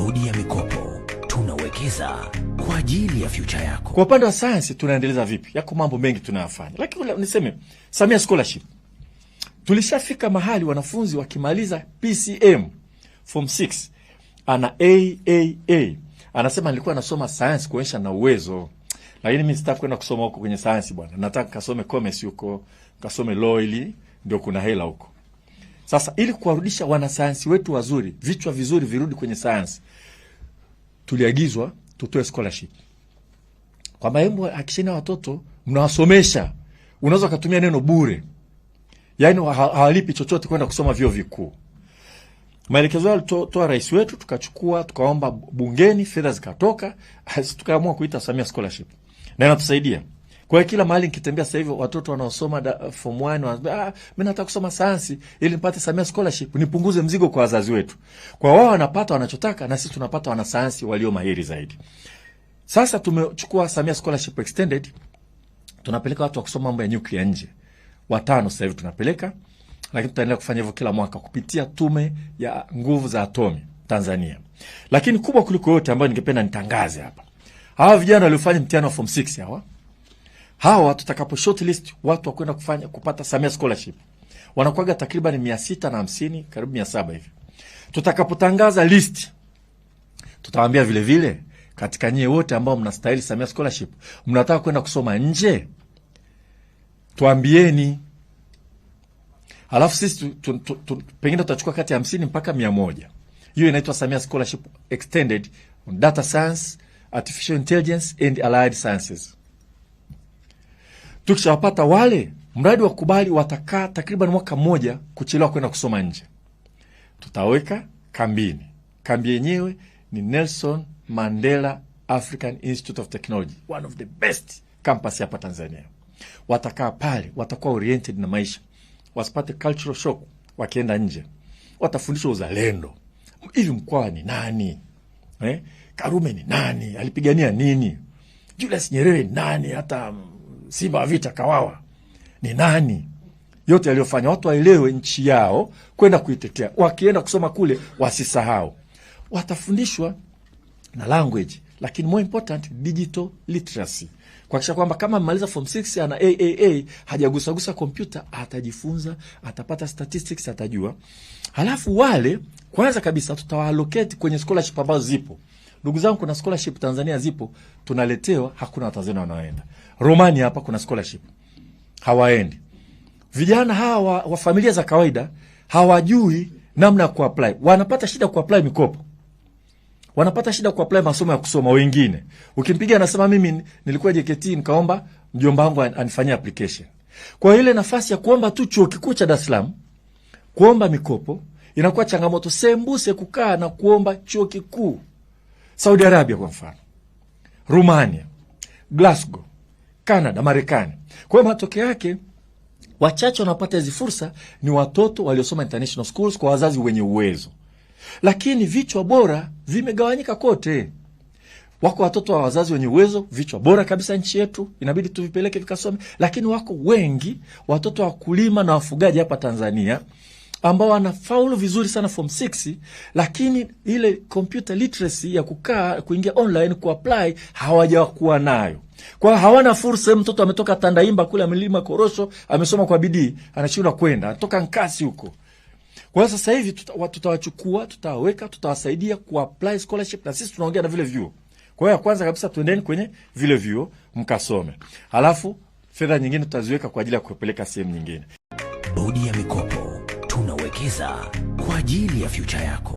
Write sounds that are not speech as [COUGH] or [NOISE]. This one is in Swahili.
bodi ya mikopo tunawekeza kwa ajili ya future yako. Kwa upande wa sayansi tunaendeleza vipi? Yako mambo mengi tunayafanya, lakini niseme Samia Scholarship, tulishafika mahali wanafunzi wakimaliza PCM form 6 ana AAA anasema nilikuwa nasoma sayansi kuonyesha na uwezo, lakini mi sitaki kwenda kusoma huko kwenye sayansi bwana, nataka kasome commerce huko, kasome law, ili ndio kuna hela huko. Sasa ili kuwarudisha wanasayansi wetu wazuri, vichwa vizuri virudi kwenye sayansi, tuliagizwa tutoe scholarship kwamba hebu hakisheni watoto mnawasomesha, unaweza ukatumia neno bure, yaani hawalipi chochote kwenda kusoma vyuo vikuu. Maelekezo hayo alitoa rais wetu, tukachukua tukaomba bungeni, fedha zikatoka, [LAUGHS] tukaamua kuita Samia scholarship na inatusaidia. Kwa hiyo kila mahali nikitembea sasa hivi watoto wanaosoma form 1 wanasema ah, mimi nataka kusoma sayansi ili nipate Samia scholarship, nipunguze mzigo kwa wazazi wetu. Kwa wao wanapata wanachotaka na sisi tunapata wanasayansi walio mahiri zaidi. Sasa tumechukua Samia scholarship extended, tunapeleka watu wa kusoma mambo ya nyuklia nje. Watano sasa hivi tunapeleka, lakini tutaendelea kufanya hivyo kila mwaka kupitia Tume ya Nguvu za Atomi Tanzania. Lakini kubwa kuliko yote ambayo ningependa nitangaze hapa, hawa vijana waliofanya mtihani wa form 6 hawa hawa tutakapo shortlist watu wakwenda kufanya kupata Samia scholarship wanakuwaga takriban mia sita na hamsini karibu mia saba hivi. Tutakapotangaza list tutawaambia vile vile, katika nyie wote ambao mnastahili Samia scholarship, mnataka kwenda kusoma nje, tuambieni. Alafu sisi tu, tu, tu, pengine tutachukua kati ya hamsini mpaka mia moja. Hiyo inaitwa Samia scholarship extended on data science, artificial intelligence and allied sciences. Tukishawapata wale, mradi wa kubali watakaa takriban mwaka mmoja kuchelewa kwenda kusoma nje, tutaweka kambini. Kambi yenyewe ni Nelson Mandela African Institute of Technology, one of the best campus hapa Tanzania. Watakaa pale, watakuwa oriented na maisha, wasipate cultural shock wakienda nje. Watafundishwa uzalendo, ili Mkwawa ni nani eh? Karume ni nani, alipigania nini? Julius Nyerere ni nani, hata mm, Simba wa Vita Kawawa ni nani? Yote yaliyofanya watu waelewe nchi yao, kwenda kuitetea. Wakienda kusoma kule wasisahau, watafundishwa na language, lakini more important digital literacy, kuakisha kwamba kama mmaliza form 6 ana aaa hajagusagusa kompyuta, atajifunza, atapata statistics, atajua. Halafu wale kwanza kabisa tutawaallocate kwenye scholarship ambazo zipo Ndugu zangu, kuna scholarship Tanzania zipo, tunaletewa, hakuna Watanzania wanaoenda. Romania hapa kuna scholarship, hawaendi. Vijana hawa wa familia za kawaida hawajui namna ya kuapply, wanapata shida kuapply mikopo wanapata shida kuapply masomo ya kusoma. Wengine ukimpiga anasema mimi nilikuwa JKT nikaomba mjomba wangu anifanyia application. Kwa ile nafasi ya kuomba tu chuo kikuu cha Dar es kuomba mikopo inakuwa changamoto, sembuse kukaa na kuomba chuo kikuu Saudi Arabia kwa mfano, Rumania, Glasgow, Canada, Marekani. Kwa hiyo matokeo yake wachache wanapata hizi fursa ni watoto waliosoma international schools kwa wazazi wenye uwezo, lakini vichwa bora vimegawanyika kote. Wako watoto wa wazazi wenye uwezo, vichwa bora kabisa nchi yetu, inabidi tuvipeleke vikasome, lakini wako wengi watoto wa wakulima na wafugaji hapa Tanzania ambao wanafaulu vizuri sana form 6 lakini ile computer literacy ya kukaa kuingia online kuapply hawajakuwa nayo. Kwa hawana fursa. Mtoto ametoka Tandaimba kule amelima korosho, amesoma kwa bidii, anashindwa kwenda, anatoka Nkasi huko. Kwa hiyo sasa hivi tutawachukua, tutawaweka, tutawasaidia kuapply scholarship na sisi tunaongea na vile vyuo. Kwa hiyo ya kwanza kabisa tuendeni kwenye vile vyuo mkasome. Halafu fedha nyingine tutaziweka kwa ajili ya kupeleka sehemu nyingine. Bodi ya mikopo kuwekeza kwa ajili ya fyucha yako.